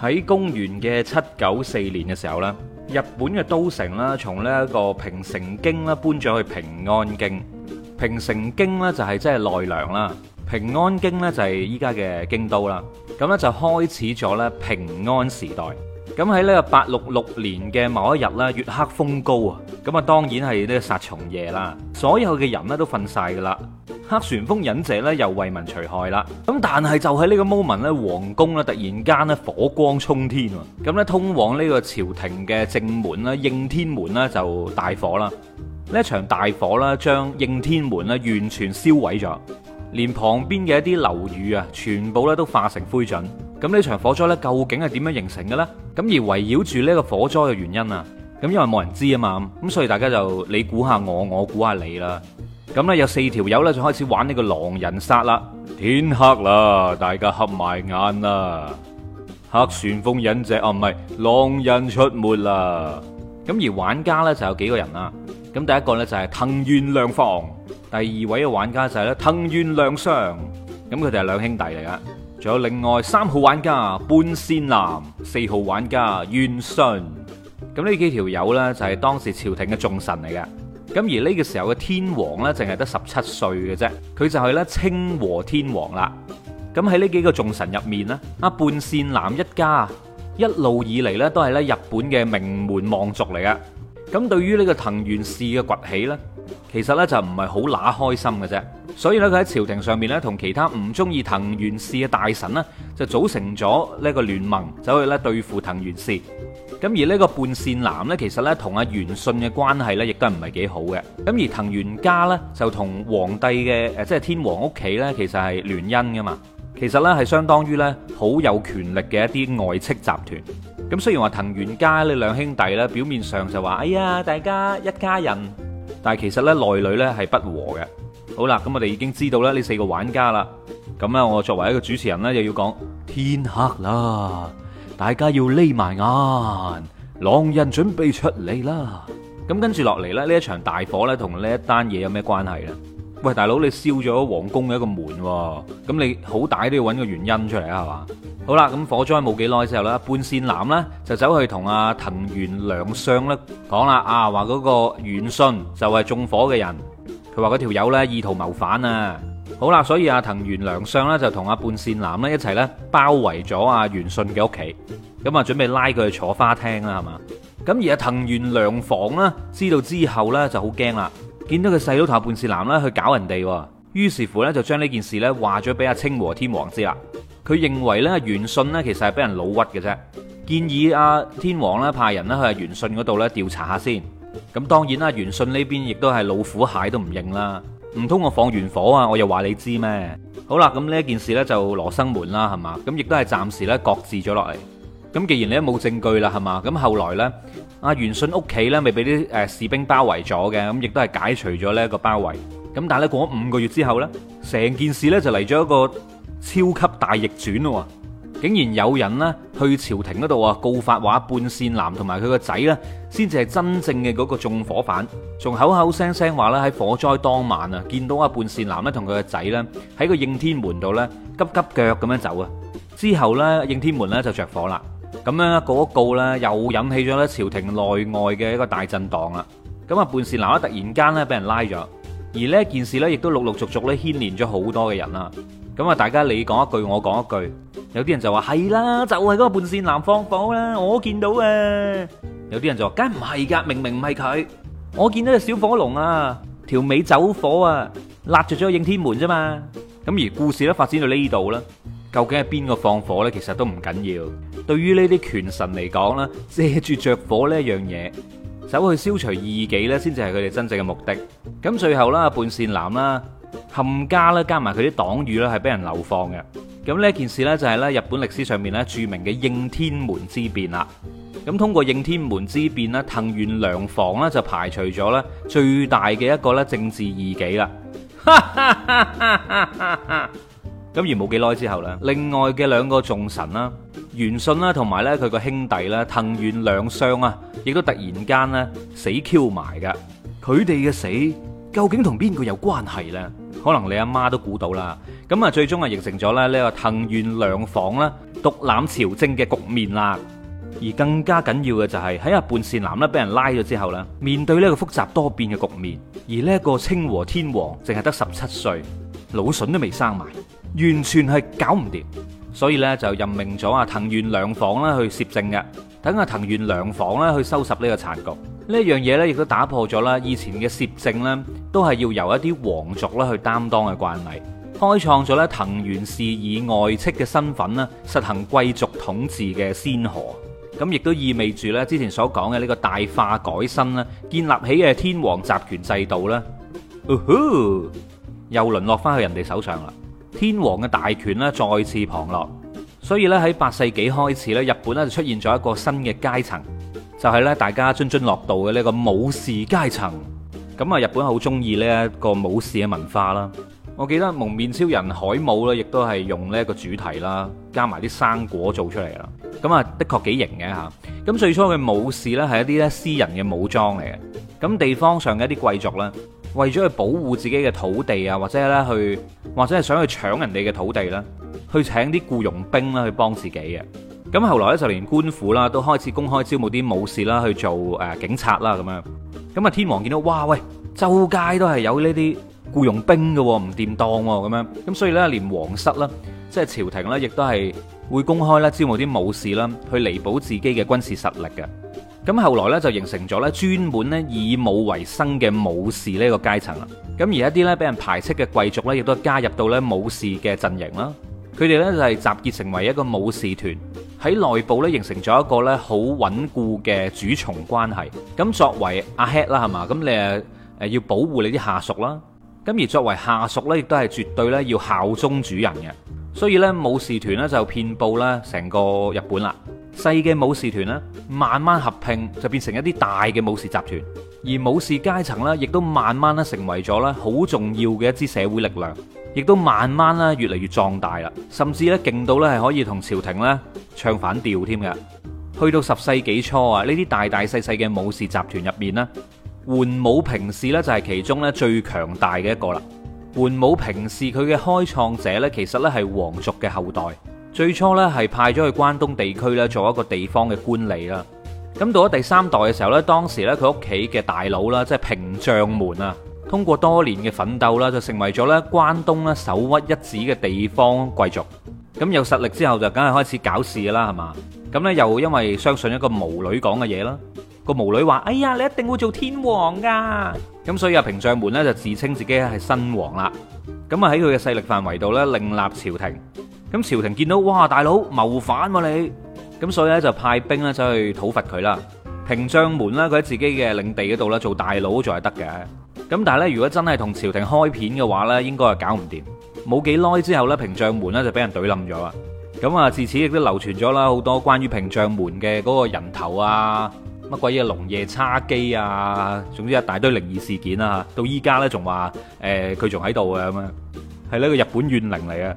喺公元嘅七九四年嘅時候咧，日本嘅都城啦，從呢一個平城京啦搬咗去平安京。平城京咧就係即係奈良啦，平安京咧就係依家嘅京都啦。咁咧就開始咗咧平安時代。咁喺呢個八六六年嘅某一日咧，月黑風高啊，咁啊當然係呢個殺蟲夜啦，所有嘅人咧都瞓晒噶啦。黑旋風忍者咧又為民除害啦，咁但係就喺呢個 moment 咧，皇宮咧突然間咧火光沖天喎，咁咧通往呢個朝廷嘅正門啦，應天門咧就大火啦，呢一場大火啦將應天門咧完全燒毀咗，連旁邊嘅一啲樓宇啊，全部咧都化成灰燼。咁呢場火災咧究竟係點樣形成嘅咧？咁而圍繞住呢個火災嘅原因啊，咁因為冇人知啊嘛，咁所以大家就你估下我，我估下你啦。咁咧有四條友咧就開始玩呢個狼人殺啦，天黑啦，大家合埋眼啦，黑旋風忍者，啊，唔係狼人出沒啦。咁而玩家咧就有幾個人啦，咁第一個咧就係藤原良房，第二位嘅玩家就係咧藤原良相。咁佢哋係兩兄弟嚟噶，仲有另外三號玩家半仙男，四號玩家源信，咁呢幾條友呢，就係當時朝廷嘅重臣嚟嘅。咁而呢個時候嘅天皇呢，淨係得十七歲嘅啫，佢就係呢清和天皇啦。咁喺呢幾個眾神入面呢，阿伴善男一家，一路以嚟呢都係日本嘅名門望族嚟嘅。咁對於呢個藤原氏嘅崛起呢，其實呢就唔係好乸開心嘅啫。所以咧，佢喺朝廷上面咧，同其他唔中意藤原氏嘅大臣呢，就組成咗呢個聯盟，走去咧對付藤原氏。咁而呢個半善男呢，其實呢同阿源信嘅關係呢，亦都唔係幾好嘅。咁而藤原家呢，就同皇帝嘅誒，即係天皇屋企呢，其實係聯姻噶嘛。其實呢係相當於呢好有權力嘅一啲外戚集團。咁雖然話藤原家呢兩兄弟呢，表面上就話哎呀大家一家人，但係其實呢內裏呢係不和嘅。好啦，咁我哋已經知道啦，呢四個玩家啦，咁咧我作為一個主持人呢，又要講天黑啦，大家要匿埋眼，狼人準備出嚟啦。咁跟住落嚟咧，呢一場大火呢，同呢一單嘢有咩關係呢？喂，大佬你燒咗皇宮嘅一個門，咁你好歹都要揾個原因出嚟啊，係嘛？好啦，咁火災冇幾耐之後啦，伴善男呢，就走去同阿、啊、藤原良相咧講啦，啊，話嗰個源信就係縱火嘅人。佢話嗰條友呢，他他意圖謀反啊！好啦，所以阿藤原良相咧就同阿半善男咧一齊呢，包圍咗阿元信嘅屋企，咁啊準備拉佢去坐花廳啦，係嘛？咁而阿藤原良房呢，知道之後呢，就好驚啦，見到佢細佬同阿半善男咧去搞人哋，於是乎呢，就將呢件事呢話咗俾阿清和天皇知啦。佢認為呢，元信呢其實係俾人老屈嘅啫，建議阿天皇呢派人咧去阿元信嗰度呢調查下先。咁當然啦，元信呢邊亦都係老虎蟹都唔認啦，唔通我放完火啊？我又話你知咩？好啦，咁呢件事呢就羅生門啦，係嘛？咁亦都係暫時呢擱置咗落嚟。咁既然你都冇證據啦，係嘛？咁後來呢，阿元信屋企呢未俾啲誒士兵包圍咗嘅，咁亦都係解除咗呢個包圍。咁但係過咗五個月之後呢，成件事呢就嚟咗一個超級大逆轉咯。竟然有人咧去朝廷嗰度啊告發話，半善男同埋佢個仔咧，先至係真正嘅嗰個縱火犯，仲口口聲聲話咧喺火災當晚啊，見到阿半善男咧同佢個仔咧喺個應天門度咧急急腳咁樣走啊。之後咧，應天門咧就着火啦。咁樣告一告咧，又引起咗咧朝廷內外嘅一個大震蕩啦。咁啊，半善男咧突然間咧俾人拉咗。而呢件事呢，亦都陸陸續續咧牽連咗好多嘅人啦。咁啊，大家你講一句，我講一句。有啲人就話係啦，就係嗰個伴善男放火啦，我見到啊。有啲人就話梗係唔係㗎，明明唔係佢，我見到隻小火龍啊，條尾走火啊，辣着咗應天門啫嘛。咁而故事咧發展到呢度啦，究竟係邊個放火呢？其實都唔緊要。對於呢啲權臣嚟講啦，借住着火呢一樣嘢。走去消除異己咧，先至係佢哋真正嘅目的。咁最後啦，伴善男啦、冚家啦，加埋佢啲黨羽啦，係俾人流放嘅。咁呢件事呢，就係咧日本歷史上面咧著名嘅應天門之變啦。咁通過應天門之變咧，藤原良房咧就排除咗咧最大嘅一個咧政治異己啦。咁 而冇幾耐之後呢，另外嘅兩個眾神啦。源信啦，同埋咧佢個兄弟啦，藤原良相啊，亦都突然間咧死 Q 埋嘅。佢哋嘅死究竟同邊個有關係咧？可能你阿媽都估到啦。咁啊，最終啊，形成咗咧呢個藤原良房啦獨攬朝政嘅局面啦。而更加緊要嘅就係喺阿伴善男咧俾人拉咗之後咧，面對呢個複雜多變嘅局面，而呢一個清和天皇淨係得十七歲，腦囟都未生埋，完全係搞唔掂。所以咧就任命咗啊藤原良房咧去攝政嘅，等啊藤原良房咧去收拾呢個殘局。呢樣嘢咧亦都打破咗啦以前嘅攝政呢都係要由一啲皇族咧去擔當嘅慣例，開創咗咧藤原氏以外戚嘅身份咧實行貴族統治嘅先河。咁亦都意味住咧之前所講嘅呢個大化改新啦建立起嘅天皇集權制度啦，又淪落翻去人哋手上啦。天皇嘅大權咧再次旁落，所以咧喺八世紀開始咧，日本咧就出現咗一個新嘅階層，就係咧大家津津樂道嘅呢個武士階層。咁啊，日本好中意呢一個武士嘅文化啦。我記得蒙面超人海姆咧，亦都係用呢一個主題啦，加埋啲生果做出嚟啦。咁啊，的確幾型嘅嚇。咁最初嘅武士咧係一啲咧私人嘅武裝嚟嘅。咁地方上嘅一啲貴族咧。為咗去保護自己嘅土地啊，或者咧去，或者係想去搶人哋嘅土地啦，去請啲僱傭兵啦去幫自己嘅。咁後來咧就連官府啦都開始公開招募啲武士啦去做誒警察啦咁樣。咁啊天皇見到哇喂，周街都係有呢啲僱傭兵嘅，唔掂當咁樣。咁所以咧連皇室啦，即係朝廷啦，亦都係會公開啦招募啲武士啦去彌補自己嘅軍事實力嘅。咁後來咧就形成咗咧專門咧以武為生嘅武士呢個個階層啦。咁而一啲咧俾人排斥嘅貴族咧，亦都加入到咧武士嘅陣營啦。佢哋咧就係集結成為一個武士團，喺內部咧形成咗一個咧好穩固嘅主從關係。咁作為阿、ah、head 啦，係嘛？咁你誒誒要保護你啲下屬啦。咁而作為下屬咧，亦都係絕對咧要效忠主人嘅。所以咧武士團咧就遍佈咧成個日本啦。細嘅武士團啦，慢慢合併就變成一啲大嘅武士集團，而武士階層咧，亦都慢慢咧成為咗啦，好重要嘅一支社會力量，亦都慢慢啦越嚟越壯大啦，甚至咧勁到咧係可以同朝廷咧唱反調添嘅。去到十世紀初啊，呢啲大大細細嘅武士集團入面咧，桓武平氏就係其中咧最強大嘅一個啦。桓武平氏佢嘅開創者其實咧係皇族嘅後代。最初咧係派咗去關東地區咧做一個地方嘅官吏啦。咁到咗第三代嘅時候咧，當時咧佢屋企嘅大佬啦，即係平將門啊，通過多年嘅奮鬥啦，就成為咗咧關東咧首屈一指嘅地方貴族。咁有實力之後就梗係開始搞事啦，係嘛？咁咧又因為相信一個巫女講嘅嘢啦，個巫女話：哎呀，你一定會做天皇噶。咁所以啊，平將門咧就自稱自己係新王啦。咁啊喺佢嘅勢力範圍度咧，另立朝廷。咁朝廷見到哇，大佬謀反喎你，咁所以咧就派兵咧走去討伐佢啦。平將門咧佢喺自己嘅領地嗰度咧做大佬仲係仲係得嘅，咁但係但係咧如果真係真係同朝廷開片嘅話咧，應該係搞唔掂。冇幾耐之後咧，平將門咧就俾人懟冧咗啊！咁啊，自此亦都流傳咗啦好多關於平將門嘅嗰個人頭啊乜鬼嘢瀧夜叉姬啊，總之一大堆靈異事件啦嚇，到依家咧仲話誒佢仲喺度嘅咁樣，係呢個日本怨靈嚟嘅。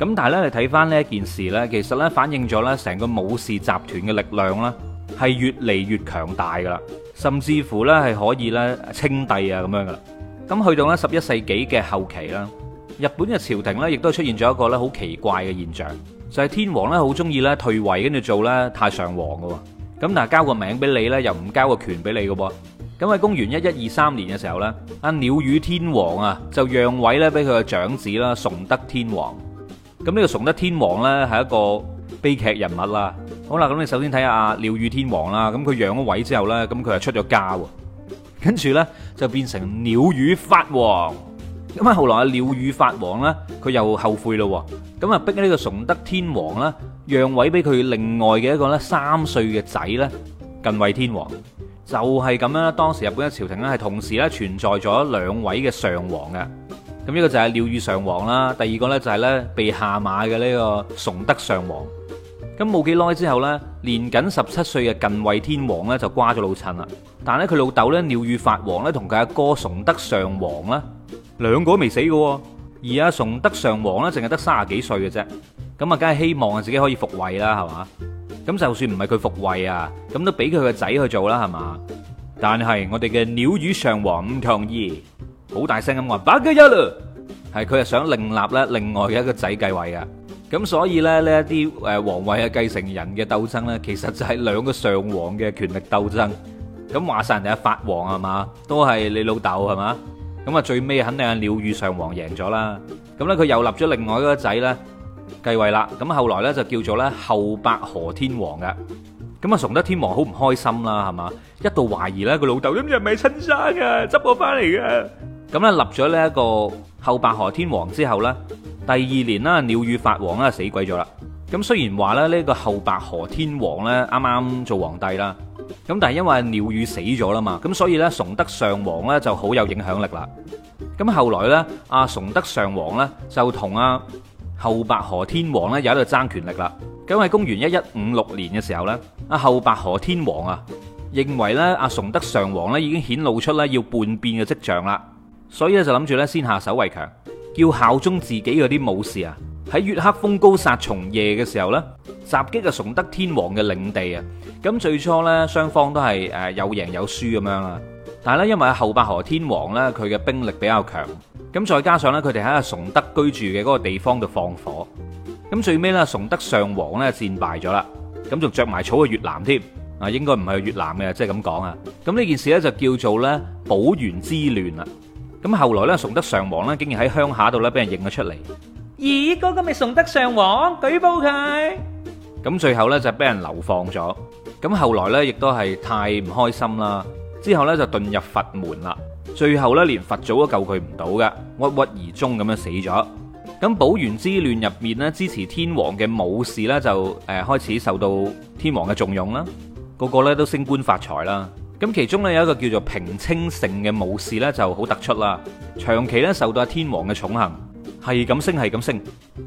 咁但係咧，你睇翻呢一件事咧，其實咧反映咗咧成個武士集團嘅力量咧，係越嚟越強大噶啦。甚至乎咧係可以咧稱帝啊咁樣噶啦。咁去到咧十一世紀嘅後期啦，日本嘅朝廷咧亦都出現咗一個咧好奇怪嘅現象，就係天皇咧好中意咧退位跟住做咧太上皇噶喎。咁但係交個名俾你咧，又唔交個權俾你噶噃。咁喺公元一一二三年嘅時候咧，阿鳥羽天皇啊就讓位咧俾佢嘅長子啦崇德天皇。咁呢個崇德天皇咧係一個悲劇人物啦。好啦，咁你首先睇下阿鳥羽天皇啦，咁佢讓咗位之後咧，咁佢就出咗家喎，跟住咧就變成鳥羽法王。咁啊後來阿鳥羽法王咧，佢又後悔咯，咁啊逼呢個崇德天皇啦，讓位俾佢另外嘅一個咧三歲嘅仔咧近衛天皇。就係咁樣啦，當時日本嘅朝廷咧係同時咧存在咗兩位嘅上皇嘅。咁呢個就係鳥羽上皇啦，第二個呢，就係呢被下馬嘅呢個崇德上皇。咁冇幾耐之後呢，年僅十七歲嘅近衛天皇呢，就瓜咗老襯啦。但係呢，佢老豆呢，鳥羽法皇呢，同佢阿哥崇德上皇呢，兩個都未死嘅。而阿崇德上皇呢，淨係得三十幾歲嘅啫，咁啊梗係希望自己可以復位啦，係嘛？咁就算唔係佢復位啊，咁都俾佢個仔去做啦，係嘛？但係我哋嘅鳥羽上皇唔同意。好大聲咁話巴嘎呀路，係佢係想另立咧，另外嘅一個仔繼位嘅。咁所以咧，呢一啲誒皇位嘅繼承人嘅鬥爭咧，其實就係兩個上皇嘅權力鬥爭。咁話晒人哋阿法皇係嘛，都係你老豆係嘛，咁啊最尾肯定係鳥羽上皇贏咗啦。咁咧佢又立咗另外一個仔咧繼位啦。咁後來咧就叫做咧後白河天皇嘅。咁啊崇德天皇好唔開心啦，係嘛，一度懷疑咧個老豆咁樣係咪親生啊，執我翻嚟啊！咁咧立咗呢一個後白河天皇之後呢，第二年啦，鳥羽法皇死鬼咗啦。咁雖然話咧呢個後白河天皇呢啱啱做皇帝啦，咁但係因為鳥羽死咗啦嘛，咁所以呢，崇德上皇呢就好有影響力啦。咁後來呢，阿崇德上皇呢就同阿後白河天皇又喺度爭權力啦。咁喺公元一一五六年嘅時候呢，阿後白河天皇啊認為呢阿崇德上皇呢已經顯露出呢要叛變嘅跡象啦。所以咧就諗住咧先下手為強，叫效忠自己嗰啲武士啊，喺月黑風高殺蟲夜嘅時候咧，襲擊啊崇德天皇嘅領地啊。咁最初咧雙方都係誒有贏有輸咁樣啦。但係咧因為後白河天皇咧佢嘅兵力比較強，咁再加上咧佢哋喺啊崇德居住嘅嗰個地方度放火，咁最尾咧崇德上皇咧戰敗咗啦，咁仲着埋草去越南添啊，應該唔係去越南嘅，即係咁講啊。咁呢件事咧就叫做咧保元之亂啦。咁後來呢，崇德上皇呢竟然喺鄉下度呢俾人認咗出嚟。咦，嗰個咪崇德上皇？舉報佢。咁最後呢，就俾人流放咗。咁後來呢，亦都係太唔開心啦。之後呢，就遁入佛門啦。最後呢，連佛祖都救佢唔到嘅，郁郁而終咁樣死咗。咁保元之亂入面呢，支持天皇嘅武士呢，就誒開始受到天皇嘅重用啦。個個呢，都升官發財啦。咁其中咧有一個叫做平清盛嘅武士咧就好突出啦，長期咧受到阿天皇嘅寵幸，係咁升係咁升，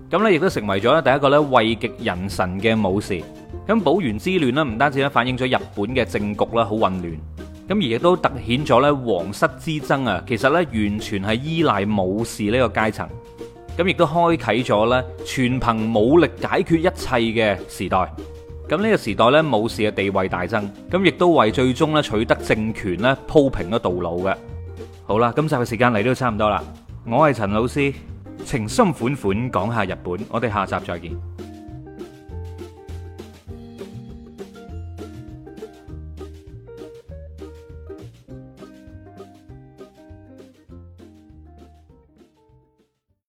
咁咧亦都成為咗第一個咧位極人臣嘅武士。咁保元之亂呢，唔單止咧反映咗日本嘅政局咧好混亂，咁而亦都突顯咗咧皇室之爭啊，其實咧完全係依賴武士呢個階層，咁亦都開啟咗咧全憑武力解決一切嘅時代。咁呢個時代呢，武士嘅地位大增，咁亦都為最終呢取得政權呢鋪平咗道路嘅。好啦，今集嘅時間嚟都差唔多啦，我係陳老師，情深款款講下日本，我哋下集再見。